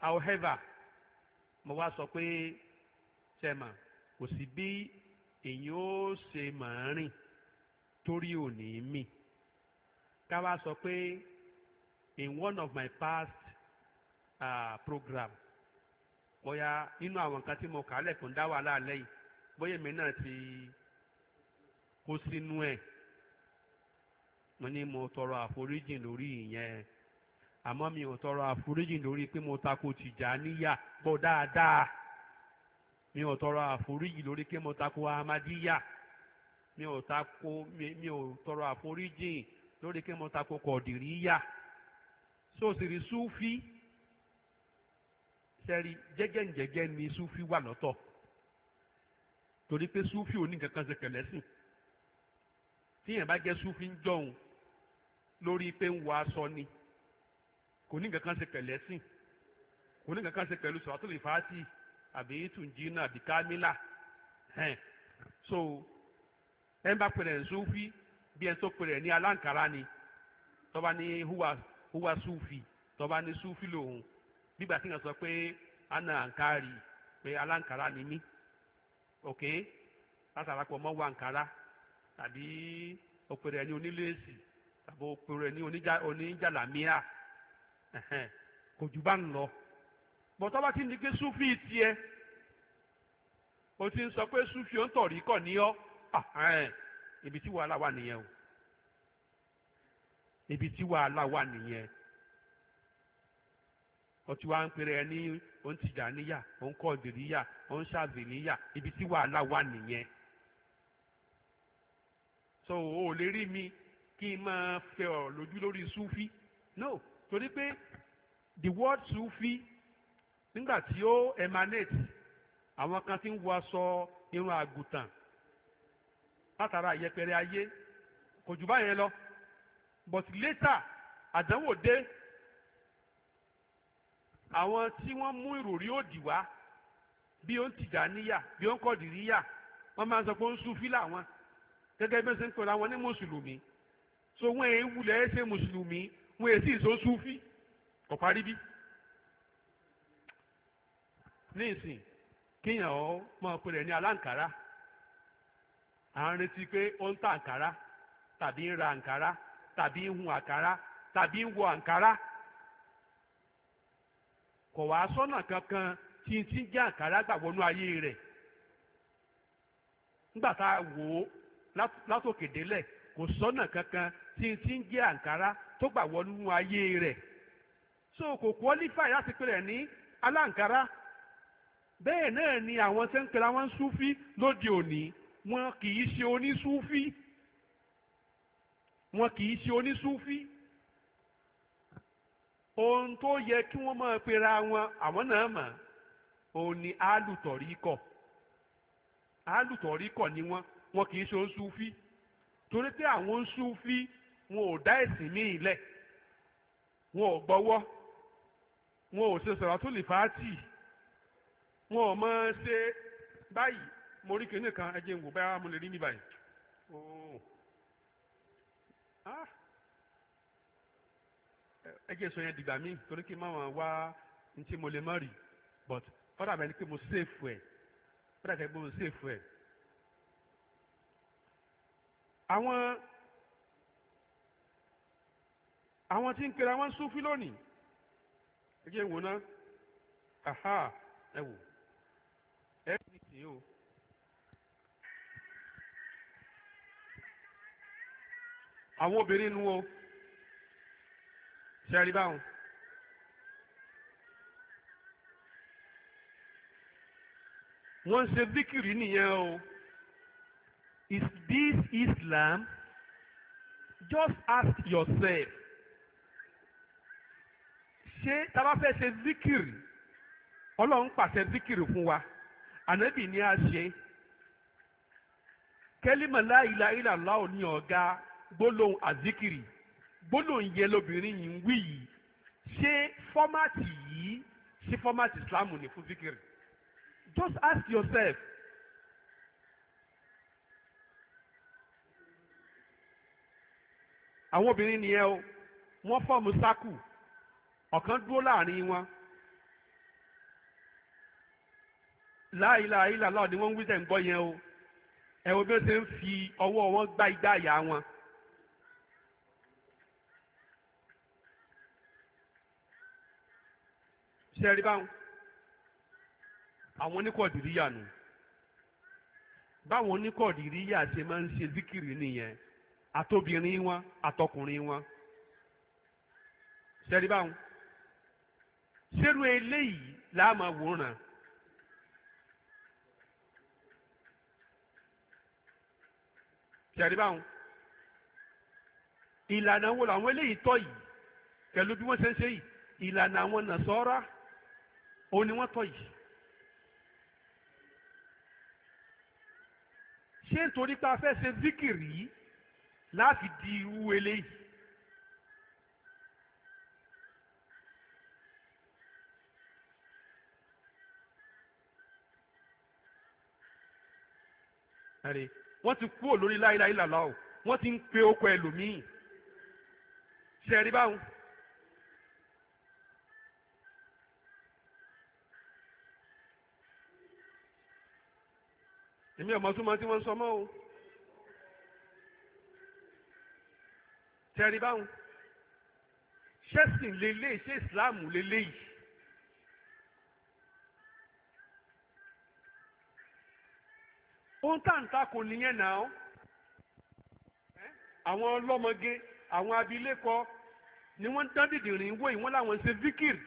however mo wá sọ pé sẹ́mà kò sí bí èyí ó ṣe máa rìn torí òní mi ká wá sọ pé in one of my past uh, program bóyá nínú àwọn nǹkan tí mo kà á lẹ́kùn dá wàhálà lẹ́yìn bóyá èmi náà ti kó sínú ẹ̀ mo ní mo tọrọ àforíjìn lórí ìyẹn. àmọ́ mi ò tọrọ àforíjì lórí pé mo tako Tìjàníyà gbọ́ dáadáa mi ò tọrọ àforíjì lórí pé mo tako Ahmadiyya mi ò tako mi ò tọrọ àforíjì lórí pé mo tako Kọ̀dìríyà so sì rí sẹ́rí jẹ́gẹ́njẹ́gẹ́ ni Súfí wà lọ́tọ̀ torí pé Súfí ò ní kankan ṣe kẹlẹ́sìn tíyẹn bá jẹ́ Súfí ń jọ̀hún lórí pé ń wọ aṣọ ni. kò ní nǹkan kan ṣe pẹ̀lú ẹ̀sìn kò ní nǹkan kan ṣe pẹ̀lú so bá pẹ̀lẹ̀ ń sófì bí tó pẹ̀lẹ̀ ní aláǹkárá ni tọ́ba ní húwa húwa tọ́ba ní súfì lòun nígbà tí wọ́n sọ pé ana àǹkárì pé aláǹkárá ni mí ok látara wa àǹkárá tàbí ẹni onílé èsì tàbí kò jù bá ń lọ bọ́tọ́ bá ti ní pé súfì ẹ? o ti ń sọ pé súfì ó ń tọ̀rí kọ̀ ní ọ́ ibi tí wàhálà wà nìyẹn o ibi tí wàhálà wà nìyẹn o ti wá ń pèrè ẹ ní o ń tìjà níyà o ń kọ́ ìdìríyà o ń ṣàzìníyà ibi tí wàhálà wà nìyẹn so o lè rí mi kí n máa fẹ́ ọ lójú lórí súfì no. torí pé the word sufi nígbà tí ó emanate àwọn kan tí ń wọ aṣọ irun àgùntàn látara ìyẹpẹrẹ ayé kò jù báyẹn lọ but later àdánwò dé àwọn tí wọ́n mú ìròrí òdì wá bí ó ń Tìjàníyà bí ó ń Kọ̀dìríyà wọ́n máa ń sọ pé ó ń sufi làwọn gẹ́gẹ́ bí wọ́n ṣe ń pè láwọn ní mùsùlùmí so wọ́n èé wulẹ̀ ẹ́ ṣe mùsùlùmí wọn èsì nso súfì kò ọparibi kíyàn ọ máa pè rẹ̀ ní aláǹkárá à ń retí pé ó ń ta àǹkárá tàbí ń ra àǹkárá tàbí ń hun àǹkárá tàbí ń wo àǹkárá kò sọ́nà kankan tí n ti ń jẹ́ àǹkárá ayé rẹ̀ nígbà tá kankan tí ti ń jẹ́ àǹkárá tó gbà wọnú ayé rẹ̀ so kò láti ní aláǹkárá bẹ́ẹ̀ náà ni àwọn tí ń pera wọn súfí lóde òní wọn kì í ṣe onísúfí wọn kì í ṣe onísúfí pera àwọn náà mọ̀ ni ni wọ́n wọn kì í ṣe onísúfí torí pé àwọn wọn ò dá ẹ̀sìn míì lẹ̀ wọn ò gbọ́wọ́ wọn ò ṣe sọ̀rọ̀ tó lè fàátì wọn ò mọ̀ ṣe báyìí mo rí kinní kan ẹ jẹ́ n wò báyà mo lè rí mi báyìí. Ah. ẹ jẹ́ sọ yẹn dìgbà míì torí kí n má wọn wá ní tí mo lè mọ̀ rí but fọ́dà bẹ́ẹ̀ ni pé mo ṣèfù ẹ̀ fọ́dà bẹ́ẹ̀ ni pé mo ṣèfù ẹ̀. àwọn àwọn tí ń pera wọn súnfí lónìí ẹ jẹ́ wò ná aha ẹ wò ẹ ní tì o. àwọn obìnrin nu o ṣe rí báwọn. wọ́n ń ṣe díkìrì nìyẹn o is this Islam? Just ask yourself ṣé tá bá fẹ́ ṣe zikiri ọlọ́run pàṣẹ zikiri fún wa ànábì ni a ṣe kẹ́límà la ilaha illallah ní ọ̀gá gbólóhùn àzikiri gbólóhùn yẹn lóbìnrin yìí ń wí yìí ṣé fọ́mátì yìí ṣé fọ́mátì islam ni fún zikiri just ask yourself àwọn obìnrin nìyẹn o wọ́n fọ́ọ̀mù sákù ọ̀kan dúró láàrin wọn láìláì làlọ́ ni wọ́n ń wíṣẹ̀ ń gbọ́ yẹn o ẹ wo bí wọ́n ṣe ń fi ọwọ́ wọn gbá igbá àyà wọn. sẹ́ẹ̀rí báwọn àwọn oníkọ̀dìríyà nù báwọn oníkọ̀dìríyà ṣe máa ń ṣe zikiri nìyẹn àtobìnrin wọn àtọkùnrin wọn sẹ́ẹ̀rí báwọn ṣerú eléyìí láàmà wòran. tẹ̀ríbá wọn ìlànà wo làwọn eléyìí tọ́ yìí pẹ̀lú bí wọ́n ṣe ń ṣe yìí ìlànà àwọn nàṣọ́ra òun ni wọ́n tọ́ yìí. ṣé nítorí pé a fẹ́ ṣe zikiri láti di irú eléyìí. ẹ̀rí wọ́n ti kúrò lórí láìláì làlá o wọ́n ti ń pe okọ̀ ẹlòmíì ṣe ẹ̀rí báwọn. èmi ọmọ súnmọ́ tí wọ́n ń sọ mọ́ o ṣe ẹ̀rí ṣẹ́sìn lélẹ́yìí ṣé ìsìláàmù lélẹ́yìí. ohun tá à ń takò nìyẹn náà àwọn ọlọ́mọge àwọn abilékọ ni wọ́n ń dán dìdìrín wò yìí wọ́n láwọn ṣe zikiri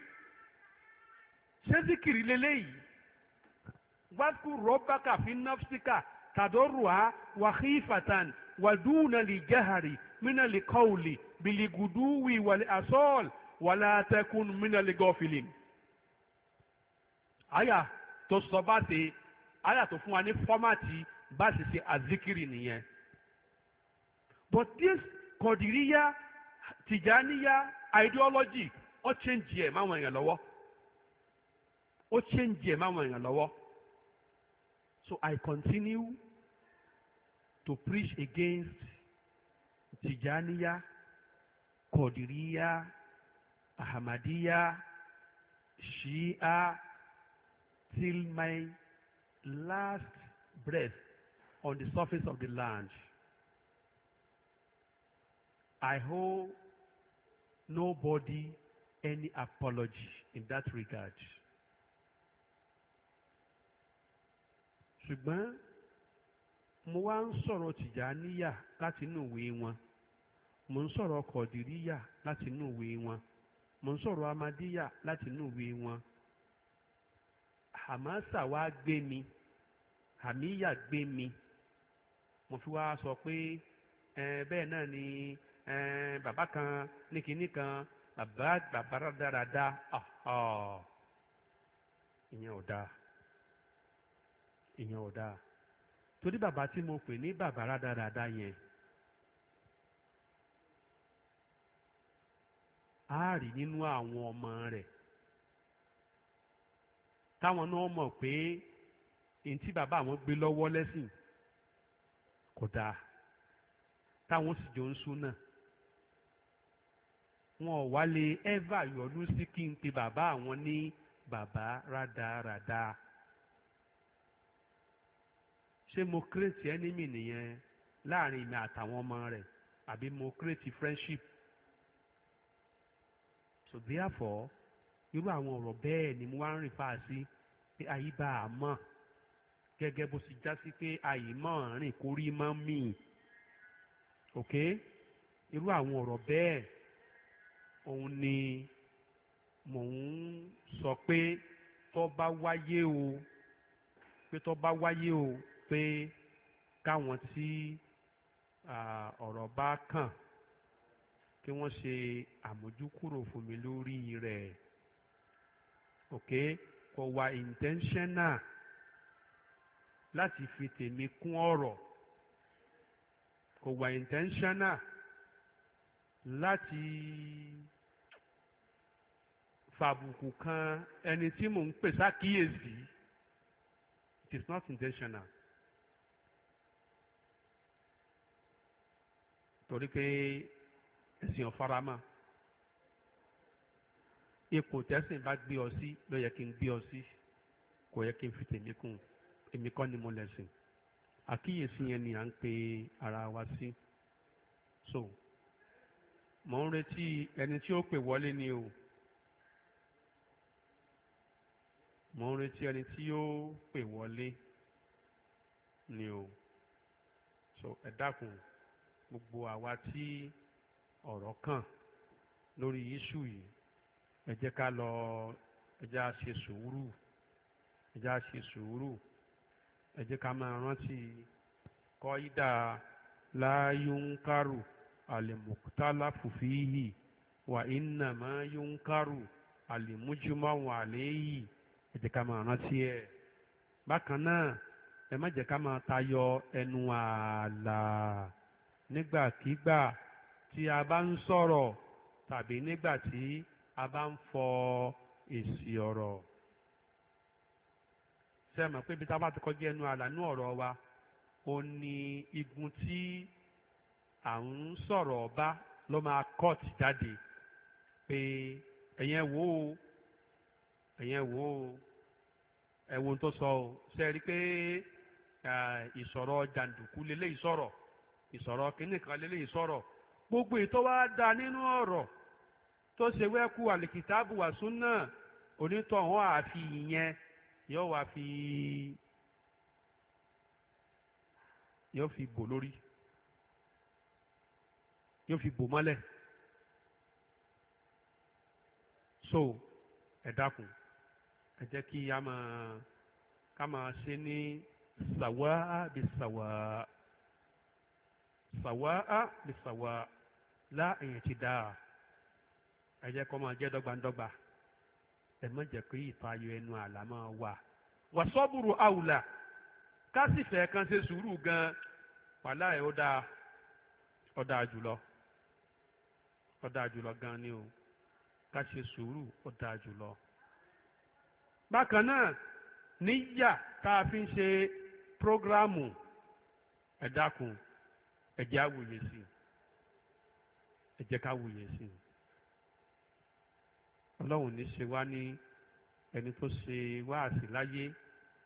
ṣé zikiri lélẹ́yìí gbásùkú rọ́bàkà fi nọ́fṣíkà tàdọ́rùá wàhífàtàn wàdúùnà lè jẹ́hàrì mínà kọ́ọ̀lì bìlìgùdúwì wàlẹ̀ àsọ́ọ̀l wàlẹ̀ àtẹkùn mínà lè àyà tó sọ bá ṣe àyà tó fún wa ní fọ́màtì bá ṣe ṣe àzíkìrì nìyẹn but this kọ̀dìríyà tìjàníyà ideology ó change ẹ̀ máwọn èèyàn lọ́wọ́ ó change ẹ̀ máwọn èèyàn lọ́wọ́ so I continue to preach against tìjàníyà kọ̀dìríyà ahmadiyya shia till my last breath on the surface of the land. I owe nobody any apology in that regard. ṣùgbọ́n mo wá ń sọ̀rọ̀ tìjàníyà láti inú ìwé wọn mo ń sọ̀rọ̀ kọ̀dìríyà láti inú ìwé wọn mo ń sọ̀rọ̀ amadíyà láti inú ìwé wọn hamasa wá gbé mi hamiya gbé mi mo fi wá sọ pé bẹ́ẹ̀ náà ni bàbá kan ní kinní kan bàbá bàbá dáradára ah, ah. ìyẹn ò dáa ìyẹn ò dáa torí bàbá tí mo pè ní bàbá rádaràda yẹn a rí nínú àwọn ọmọ rẹ̀ táwọn náà mọ̀ pé èyí tí bàbá àwọn gbé lọ́wọ́ lẹ́sìn kò dáa táwọn sì jọ ń sún náà wọn ò wá lè ẹ́và yọ̀ọ́nú sí kí n pe bàbá àwọn ní bàbá rádaràda ṣé mo kírètì ẹ́nímì nìyẹn láàrin mi àtàwọn ọmọ rẹ̀ àbí mo kírètì friendship so therefore irú àwọn ọ̀rọ̀ bẹ́ẹ̀ ni mo wá ń rìn fáa sí pé àyíbá àmọ́ gẹ́gẹ́ bó ti já sí pé àyímọ̀ rìn kórí mọ́ mì ok irú àwọn ọ̀rọ̀ bẹ́ẹ̀ òun ni mò ń sọ pé tó bá wáyé o pé tó bá wáyé o pé káwọn tí ọ̀rọ̀ bá kàn kí wọ́n ṣe àmójúkúrò fún mi lórí rẹ̀ ok kò wà intentional láti fi tèmi kún ọ̀rọ̀ kò wà intentional láti fàbùkù kan ẹni tí mò ń pè sákìyèsí it is not intentional. torí pé ẹ̀sìn ọ̀farama ipò tẹ́sìn bá gbé ọ sí ló yẹ kí n gbé ọ sí kò yẹ kí n fi tèmi kún èmi kọ́ ni mo lẹ̀sìn àkíyèsí yẹn ni à ń pe ara wa sí so mò ń retí ẹni tí ó pè wọlé ni o mò ń retí ẹni tí ó pè wọlé ni o so ẹ dákun gbogbo àwa tí ọ̀rọ̀ kàn lórí iṣu yìí ẹ jẹ́ ká lọ ẹ jẹ́ á ṣe sùúrù ẹ jẹ́ á ṣe sùúrù ẹ jẹ́ ká máa rántí kọ́ ìdá láyúnkárù àlèmùtálàfù fíhì wà ìnàmá yúnkárù àlèmújúmọ́wò àléyìí ẹ jẹ́ ká máa rántí ẹ̀ bákan náà ẹ má jẹ́ ká máa tayọ ẹnu ààlà nígbàkigbà tí a bá ń sọ̀rọ̀ tàbí nígbà tí a bá ń fọ èsì ọ̀rọ̀ ṣe mọ̀ pé ibi tá a bá ti kọjá ẹnu àlà ní ọ̀rọ̀ wa ó ní igun tí à ń sọ̀rọ̀ ọba ló máa cut jáde pé ẹ̀yẹn wò ó ẹ̀yẹn wò ó ẹ̀wò tó sọ ọ́ ṣe rí i pé ìsọ̀rọ̀ jàǹdùkú leléyìí sọ̀rọ̀ ìsọ̀rọ̀ kínní kan sọ̀rọ̀ gbogbo ètò wa da nínú ọ̀rọ̀ tó ṣe wẹ́kú àlìkìtàbù wà súnà onítọ̀hún àfi ìyẹn yóò wá fi yóò fi bò lórí yóò fi bò mọ́lẹ̀ so ẹ dákun ẹ jẹ́ kí a máa ká máa ṣe ní sàwáà bí sàwáà sàwáà bí sàwáà láàyè ti dáa ẹ jẹ́ kó máa jẹ́ dọ́gbandọ́gba ẹ má jẹ́ kí ìtayọ ẹnu àlà máa wà wàsọ́bùrù àwùlà kásìfẹ́ kan ṣe sùúrù gan-an wàhálà ẹ̀ ó dáa ó dáa jùlọ ó dáa jùlọ gan-an ni o ká ṣe sùúrù ó dáa jùlọ. bákan náà níyà tá a fi ń ṣe prógráàmù ẹ dákun ẹ sí i ẹ ká wòye sí i ọlọ́run ní ṣe wá ní ẹni tó ṣe wáàsí láyé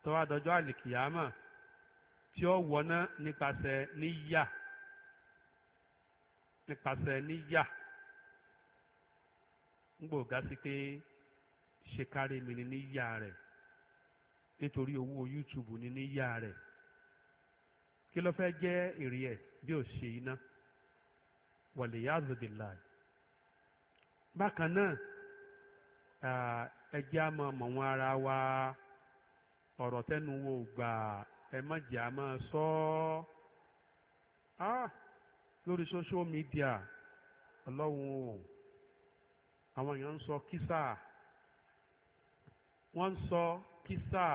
tó wá dọjọ́ àlìkìyámà tí ó wọná nípasẹ̀ níyà nípasẹ̀ níyà ń gbòògá sí pé ṣe kárí mi ní níyà rẹ̀ nítorí owó YouTube ní níyà rẹ̀ kí ló fẹ́ jẹ́ èrè ẹ̀ bí ó ṣe iná wàlẹ̀ yáàzù bìláì bákan náà ẹjẹ́ á máa mọ̀ wọ́n ara wa ọ̀rọ̀ tẹ́nu wo gbà ẹ má jẹ́ á sọ ọ́ lórí social media ọlọ́run o àwọn èèyàn ń sọ kísà wọ́n ń sọ kísà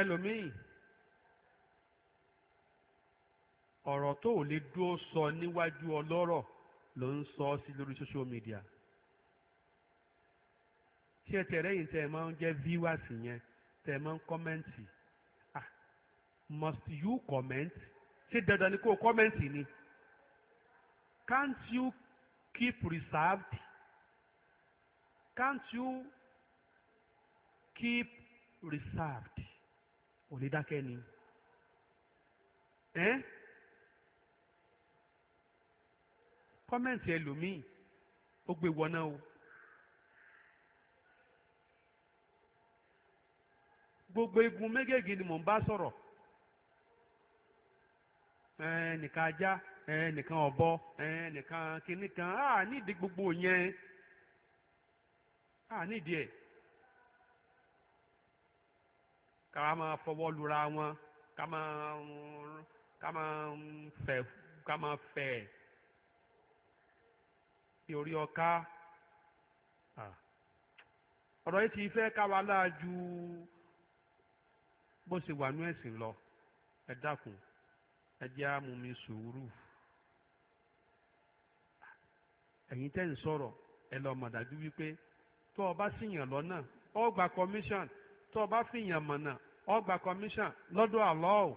ẹlòmíì ọ̀rọ̀ tó ò lè dúró sọ níwájú ọlọ́rọ̀ ló ń sọ sí lórí social media iṣẹ́ tẹ̀rẹ́ yìí tẹ̀ máa ń jẹ́ viewers yẹn tẹ̀ máa ń kọ́mẹ́ǹtì ah must you comment ṣé dandan ni kó kọ́mẹ́ǹtì ni can't you keep reserved can't you keep reserved ò lè dákẹ́ ni ẹ́ kọ́mẹ́ǹtì ẹlòmíì ó gbé wọná o. gbogbo igun méjèèjì ni mò ń bá sọ̀rọ̀ ẹnìkan ajá ẹnìkan ọ̀bọ ẹnìkan kìnnì kan á nídìí gbogbo yẹn á nídìí ẹ̀ ká máa fọwọ́ lura wọn ká máa ká máa fẹ̀ ká máa fẹ̀ orí ọká ọ̀rọ̀ yìí ti fẹ́ ká wa láàjú. bó ṣe wà ẹ̀sìn lọ ẹ dákun ẹ jẹ́ àmúmi sùúrù ẹ̀yin tẹ́ ń sọ̀rọ̀ ẹ lọ mọ̀ dájú gba commission tó o bá fìyàn mọ̀nà ọ gba commission lọ́dọ̀ àlọ́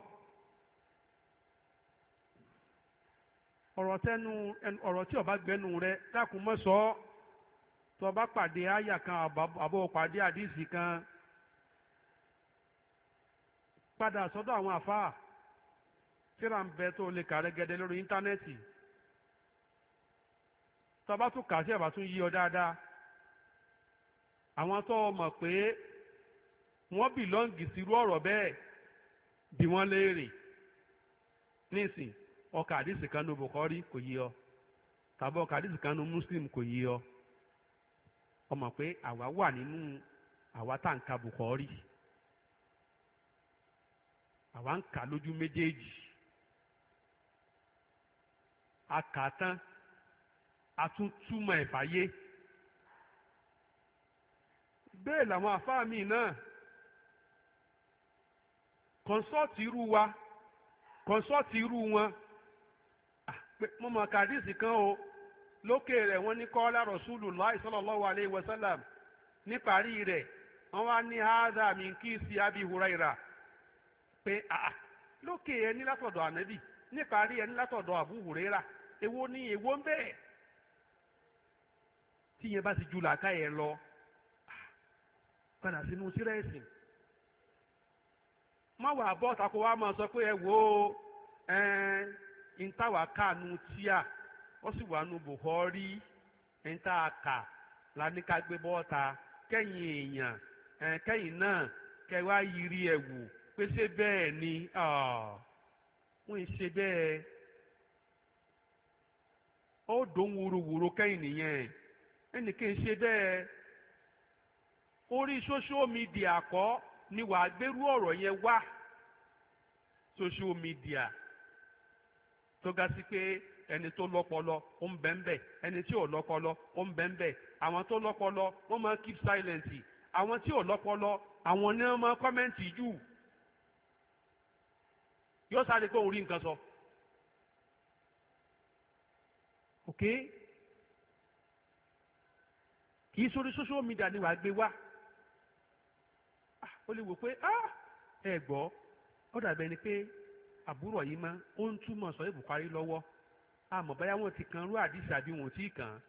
ọ̀rọ̀ rẹ dákun mọ́ sọ ọ́ tó o kan àbọ̀ pàdé àdìsí kan. padà sọ́dọ̀ àwọn àfáà tíra ń bẹ tó lè kà rẹ́gẹ́dẹ́ lórí íńtánẹ́ẹ̀tì tọba tún kà sí àbá tún yí ọ dáadáa àwọn tó mọ̀ pé wọ́n bìlọ́ǹgì sírú ọ̀rọ̀ bẹ́ẹ̀ bí wọ́n léèrè nísìn ọkà àdìsí kan nu Bukhari kò yí ọ tàbí ọkà àdìsí kan nu Muslim kò yí ọ ọmọ pé àwa wà nínú àwa tá à ka Bukhari àwa ń kà lójú méjèèjì a kà á tán a tún túmọ̀ ẹ̀ fàyè bẹ́ẹ̀ làwọn àfáà mi náà kọ́nsọ́ọ̀tì irú wa kọ́nsọ́ọ̀tì irú wọn mo mọ̀ kàdísì kan o lókè rẹ̀ wọ́n ní kọ́lá Rasulullah sallallahu alayhi wa sallam níparí rẹ̀ wọ́n wá ní haza min kí sí Abi Hurairah. pé àà lókè ẹni látọ̀dọ̀ ànábì rí ẹni látọ̀dọ̀ Abu Huraira ni ń bẹ́ẹ̀ tí yẹn bá ti ju làákà yẹn lọ padà sínú sírẹ́ẹ̀sì má wàá bọ́ tako wa máa sọ pé ẹ wo táwa káànú tíà ó sì wà nù tá a kà bọ́ta kẹ́yìn èèyàn kẹ́yìn yiri ẹ̀ pé ṣé bẹ́ẹ̀ ni ah, wọ́n ń ṣe bẹ́ẹ̀ ó dùn wúruwúru kẹ́yìn nìyẹn ẹnì kí n ṣe bẹ́ẹ̀ orí social media kọ́ ni wàá gbérú ọ̀rọ̀ yẹn wá social media tó ga sí pé ẹni tó lọ́pọlọ ó ń bẹ ń bẹ ẹni tí ò lọ́pọlọ ó ń bẹ ń bẹ àwọn tó lọ́pọlọ wọ́n máa keep silent àwọn tí ò lọ́pọlọ àwọn ni wọ́n máa kọ́mẹ́ǹtì jù yóò sáré pé òun rí nǹkan sọ. ok kì í sórí social media ni wàá gbé wá ah, ó lè wò pé ah, ẹ gbọ́ ó dàbẹ̀ ni pé àbúrò yìí mọ́ ó ń túmọ̀ sọ ìbùkárí lọ́wọ́ àmọ́ báyà wọn ti kan rú àdìsí àbí wọn ò tí ì kàn án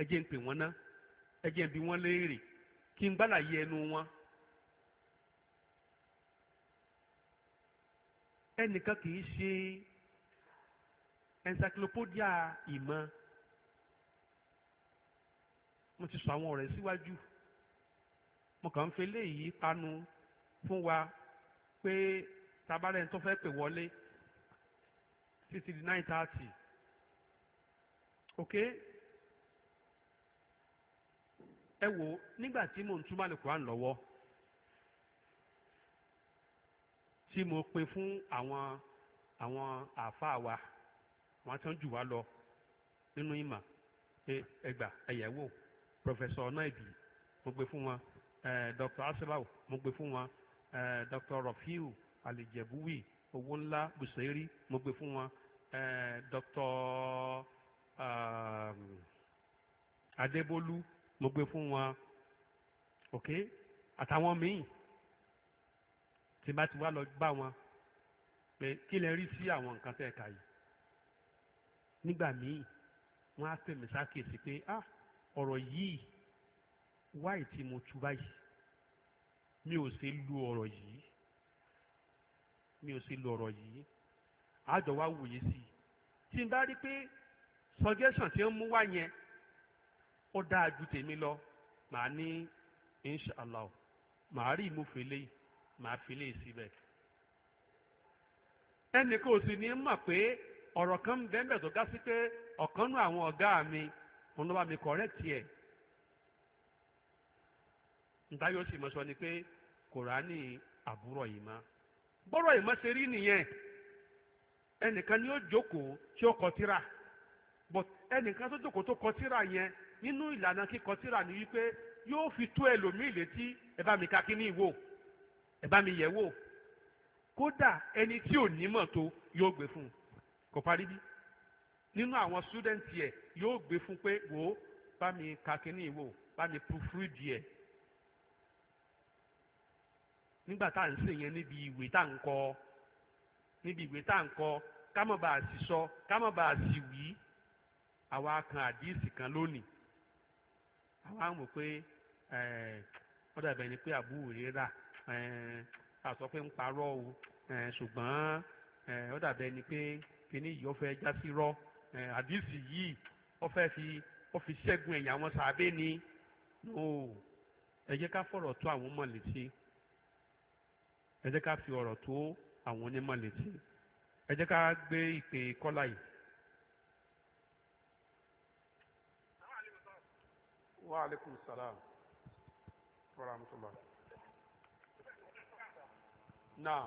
ẹ jẹ́ ń pè wọ́n ná ẹ jẹ́ ń bi wọ́n léèrè kí n gbàlàyé ẹnu wọn ẹnìkan kì í ṣe encyclopedia ìmọ̀ mo ti sọ àwọn ọ̀rẹ́ síwájú mo kàn ń fi eléyìí panu fún wa pé tabalẹ̀ tó fẹ́ pè wọlé títí di nine thirty ok ẹ wò nígbà tí mò ń túmọ̀ lè kó lọ́wọ́. tí mo pín fún àwọn àwọn àáfàá wa wọn tán jù wá lọ nínú ìmọ̀ ẹgbà ẹ̀yẹ̀wò pọfẹsọ Naidi mo gbé fún wọn dr asilau mo gbé fún wọn dr Rafiu Alijebuwi owó ńlá Busairi mo gbé fún wọn dr um, Adébólú mo gbé fún wọn ok àtàwọn míì tí bá ti wá lọ bá wọn pé kí lẹ rí sí àwọn nǹkan tẹ́ ẹ̀ka yìí nígbà míì wọ́n á pè sákèsí pé ah ọ̀rọ̀ yìí wáì tí mo tú báyìí mi ò ṣe lu ọ̀rọ̀ yìí mi ò ṣe lu ọ̀rọ̀ yìí àjọ wa wòye sí i tí n bá rí pé suggestion tí ń mú wá yẹn ó dáa ju tèmi lọ màá ní inshallah màá rí ìmúfẹ́ lẹ́yìn màá fi lè síbẹ̀ ẹnì kò sì ní mọ̀ pé ọ̀rọ̀ kan ń bẹ́ẹ̀ tó gá sí pé ọ̀kan nú àwọn ọ̀gá mi òun ló bá mi kọ̀rẹ́tì ẹ̀ nta yóò sì mọ̀ sọ ni pé kòránì àbúrò yìí má bọ́rọ̀ yìí má ṣe rí nìyẹn ẹnìkan ni ó jókòó tí ó kọ but ẹnìkan tó jókòó tó kọ yẹn nínú ìlànà kíkọ ni wípé yóò fi tó ẹlòmíì létí ẹ bá mi ka kí ni ìwò. ẹ mi yẹ̀ wò kódà ẹni tí ò mọ̀ tó yóò gbé fún un kò parí bí nínú àwọn sùdẹ́ǹtì ẹ̀ yóò gbé fún pé wò ó bá mi ka bá mi pufurú nígbà tá níbi ìwé tá à ń sọ ká má sì wí kan àdíìsì kan lónìí àwa ń wò pé ọ́ dàbẹ̀ ni Eh, a sọ pé ń parọ́ o eh, ṣùgbọ́n eh, ó dàbẹ̀ ni pé kíní yìí ó fẹ́ já sí rọ́ àdìsí yìí ó fẹ́ fi ó fi ṣẹ́gun ẹ̀yìn àwọn sàbẹ̀ ni no ẹ jẹ́ ká fọ̀rọ̀ tó àwọn ọmọ létí ẹ jẹ́ ká fi ọ̀rọ̀ tó àwọn onímọ̀ létí ẹ jẹ́ ká gbé ìpè kọ́lá yìí. wa aleykum salaam wa rahmatulah náà.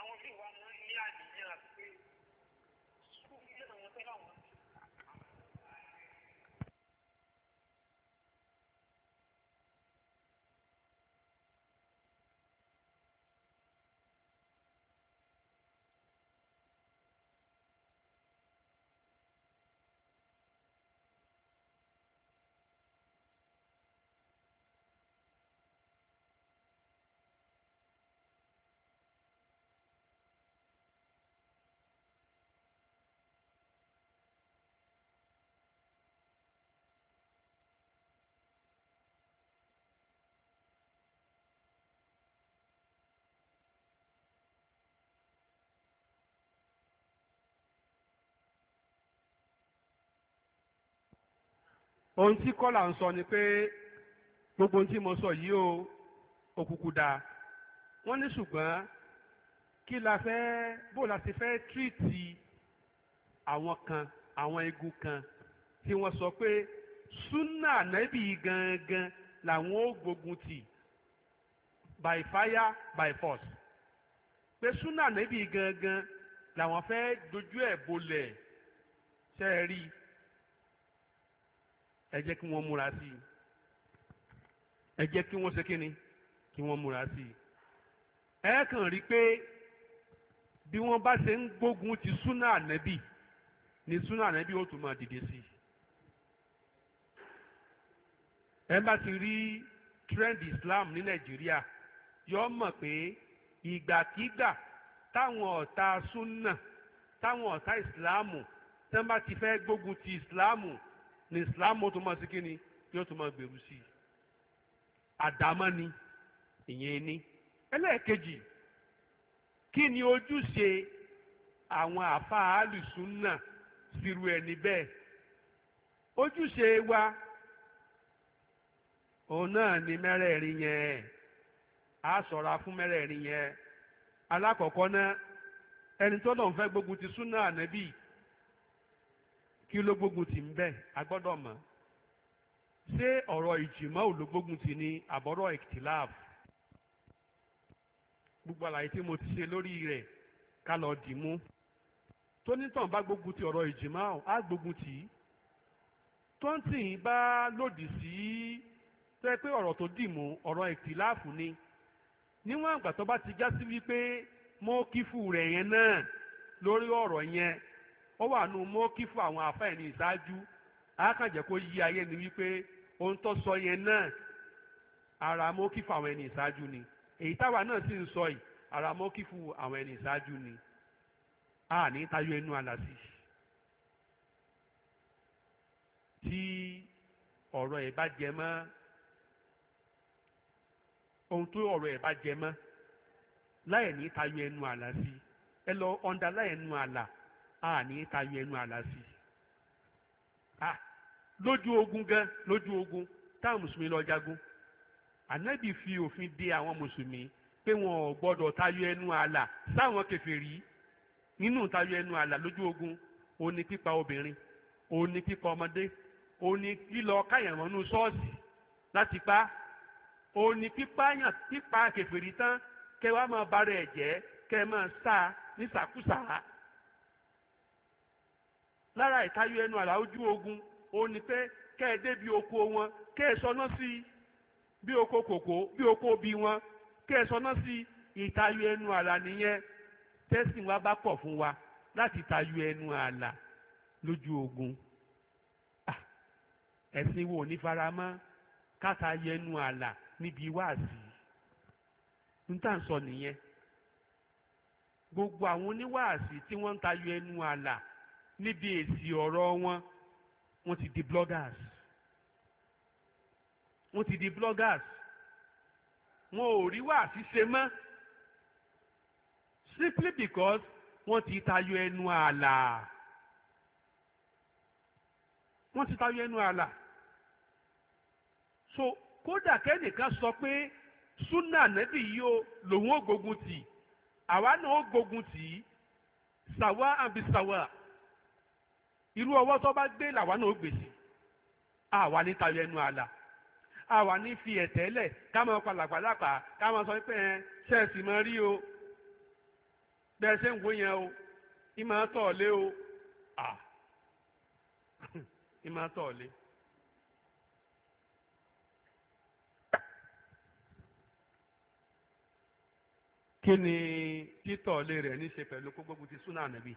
àwọn tí wàá mú ní àníyàn ohun tí kọ́là ń sọ ni pé gbogbo tí mo sọ yìí o òkùnkùn dà wọ́n ní ṣùgbọ́n kí la fẹ́ bó la ti fẹ́ tírìtì àwọn kan àwọn igun kan tí wọ́n sọ pé súnà nẹ́bì gangan làwọn ó gbógun tì by fire by force pé súnà nẹ́bì gangan làwọn fẹ́ dojú ẹ̀ bolẹ̀ ṣe é rí i ẹ jẹ́ kí wọ́n múra sí i ẹ jẹ́ kí wọ́n ṣe kí ni kí wọ́n múra sí i ẹ kàn rí pé bí wọ́n bá ṣe ń gbógun ti súnà ànẹ́bì ni súnà ànẹ́bì ó tún máa dìde sí i ẹ bá ti rí trend Islam ní Nàìjíríà yọ mọ̀ pé ìgbàkígbà táwọn ọ̀tá súnà táwọn ọ̀tá ìsìláàmù tán bá ti fẹ́ gbógun ti ìsìláàmù n'islam islam ó tún máa sí kí ni yóò tún ma gbèrú sí i àdámọ́ ni ìyẹn ni ẹlẹ́ẹ̀kejì kí ni ojúṣe àwọn àfáà alùsùnà sírú ẹni bẹ́ẹ̀ ojúṣe wa òun náà ni mẹ́rẹ̀ẹ̀rin yẹn a ṣọ́ra fún mẹ́rẹ̀ẹ̀rin yẹn alákọ̀ọ́kọ́ náà ẹni tó lọ́n fẹ́ gbógun ti súnà ànábì kí ló gbógun tì ń bẹ̀ a gbọ́dọ̀ mọ̀ ṣé ọ̀rọ̀ ìjìmọ́ ò ló gbógun tì ní àbọ̀rọ̀ ìtìláàbù gbogbo àlàyé tí mo ti ṣe lórí rẹ̀ ká lọ dì mú tónítàn bá gbógun ti ọ̀rọ̀ ìjìmọ́ á gbógun tì í tóńtìn bá lòdì sí tẹ́ pé ọ̀rọ̀ tó dì mú ọ̀rọ̀ ìtìláàbù ni níwọ̀n àgbà tó bá ti já sí wípé mo kífù rẹ̀ yẹn náà lórí ọ̀rọ̀ yẹn ó wà nù mọ́ kí fún àwọn àfáà ní ìṣáájú àákànjẹ́ kó yí ayé ni wípé ohun tó sọ yẹn náà ara mọ́ kí fún àwọn ẹni ìṣáájú ni èyí táwa náà sì ń sọ yìí ara mọ́ kí fún àwọn ẹni ìṣáájú ni a ní tayọ ẹnu àlàsì tí ọ̀rọ̀ ẹ̀ bá jẹ mọ́ ohun tó ọ̀rọ̀ ẹ̀ bá jẹ mọ́ láì ní tayọ ẹnu àlàsì ẹ lọ ọ̀ndà láì ẹnu àlà a ní tayọ ẹnu àlàsì a lójú ogun gan lójú ogun táwọn mùsùlùmí lọ jagun ànábì fi òfin de àwọn mùsùlùmí pé wọn ò gbọ́dọ̀ tayọ ẹnu àlà sáwọn kèfèrí nínú tayọ ẹnu àlà lójú ogun ó pípa obìnrin ó pípa ọmọdé ó ní lílọ káyàmọ́nú ṣọ́ọ̀ṣì láti pa ó ní pípáyàn pípa kèfèrí tán kẹ wá máa bára ẹ̀ jẹ́ kẹ máa sá ní lára ìtayọ ẹnu àlà ojú ogun ó ní pé kẹ́ ẹ débi oko wọn kẹ́ ẹ sọná sí bí oko kòkó bí oko bí wọn kẹ́ ẹ sọná sí ìtayọ ẹnu àlà nìyẹn tẹ́sìn wa bá pọ̀ fún wa láti tayọ ẹnu àlà lójú ogun ẹ̀sìn wo ní faramọ́ káta yẹnu àlà níbi wáàsí ń tà ń sọ nìyẹn gbogbo àwọn oníwáàsí tí wọ́n ń tayọ ẹnu àlà níbi èsì ọ̀rọ̀ wọn wọ́n ti di bloggers wọ́n ti di bloggers wọn ò rí wà ṣíṣe mọ́ simply because wọ́n ti tayọ ẹnu ààlà wọ́n ti tayọ ẹnu ààlà so kódà kẹ́nìkan sọ pé súnà nẹ́bì yìí ó lòun ó gbógun tì àwa náà ó gbógun tì í sàwa àbí sàwa irú ọwọ́ tó bá gbé làwa náà gbè sí àwa ní tayọ ẹnu àlà àwa ní fi ẹ̀tẹ́lẹ̀ ká máa pa làpàlàpà ká máa sọ pé ṣẹ́ẹ̀sì máa rí o bẹ́ẹ̀ ṣe ń wo yẹn o ìmọ̀ tọ̀ lé o à ìmọ̀ tọ̀ lé. kí ni títọ̀ lé rẹ̀ ní ṣe pẹ̀lú kó gbógun ti súnà nàbí.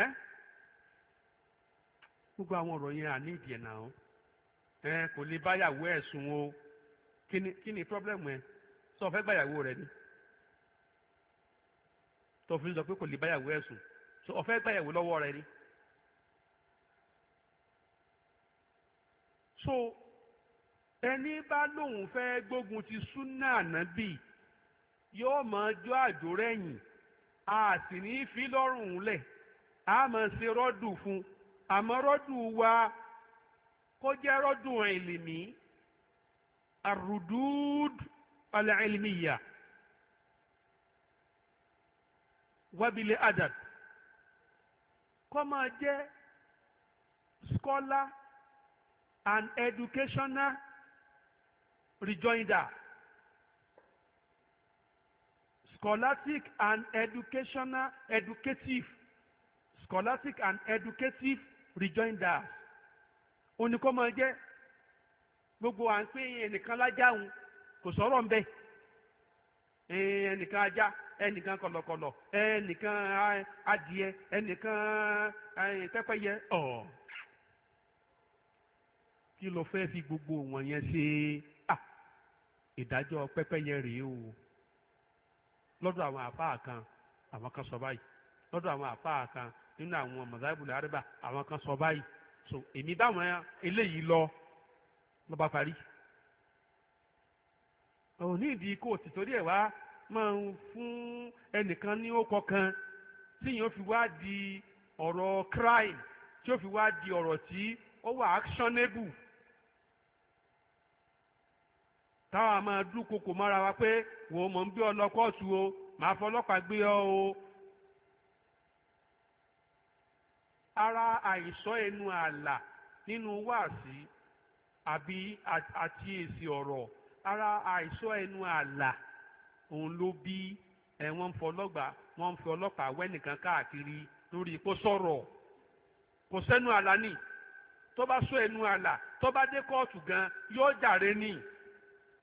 ẹ gbogbo àwọn ọ̀rọ̀ yẹn àní ìdí ẹ̀ náà ẹ kò lè báyàwó ẹ̀ sùn o kí ni kí problem ẹ sọ fẹ́ gbàyàwó rẹ ni tọ́fin sọ pé kò lè báyàwó ẹ̀ sùn so ọ̀fẹ́ gbàyàwó lọ́wọ́ rẹ ni. so ẹni bá lóun fẹ́ gbógun ti súnà ànábì yóò máa jọ àjò rẹ̀yìn a sì ní í fi lọ́rùn lẹ̀. a máa ṣe rọ́dù fún àmọ́ rọ́dù wa kó jẹ́ rọ́dù ìlìmí arudud alẹ́ìlìmíyà wábìlẹ̀ adad kó máa jẹ́ scholar and educational rejoinder scholastic and educational educative scholastic and educative rejoinders oníkó máa jẹ́ gbogbo à ń pè ẹnìkan lájà òun kò sọ̀rọ̀ ńbẹ ẹnìkan ajá ẹnìkan kọ̀lọ̀kọ̀lọ̀ ẹnìkan adìẹ ẹnìkan pẹ́pẹ́yẹ ọ̀ kí ló fẹ́ fi gbogbo wọn yẹn ṣe ìdájọ́ pẹ́pẹ́yẹ rèé o lọ́dọ̀ àwọn àfáà kan àwọn kan sọ báyìí lọ́dọ̀ àwọn àfáà kan nínú àwọn mọ̀sáìbùlù àríbà àwọn kan sọ báyìí so èmi báwọn eléyìí lọ ló bá parí. òní ìdí kò sì torí ẹ̀ wá máa ń fún ẹnìkan ní ókọ kan tí yóò fi wá di ọ̀rọ̀ crime tí yóò fi wá di ọ̀rọ̀ tí ó wà actionable táwa máa dúnkokò mọ́ra wa pé wò ó ń gbé ọ lọ kóòtù o màá fọlọ́pàá gbé ọ o ara àìsọ ẹnu ààlà nínú wáàsí àbí àti èsì ọ̀rọ̀ ara àìsọ ẹnu ààlà òun ló bí ẹ wọ́n ń fọlọ́gbà wọ́n ń fi ọlọ́pàá wẹ́nìkan káàkiri lórí kó sọ̀rọ̀ kò sẹ́nu ààlà ni tó bá sọ ẹnu ààlà tó bá dé kóòtù gan yóò jàre ni.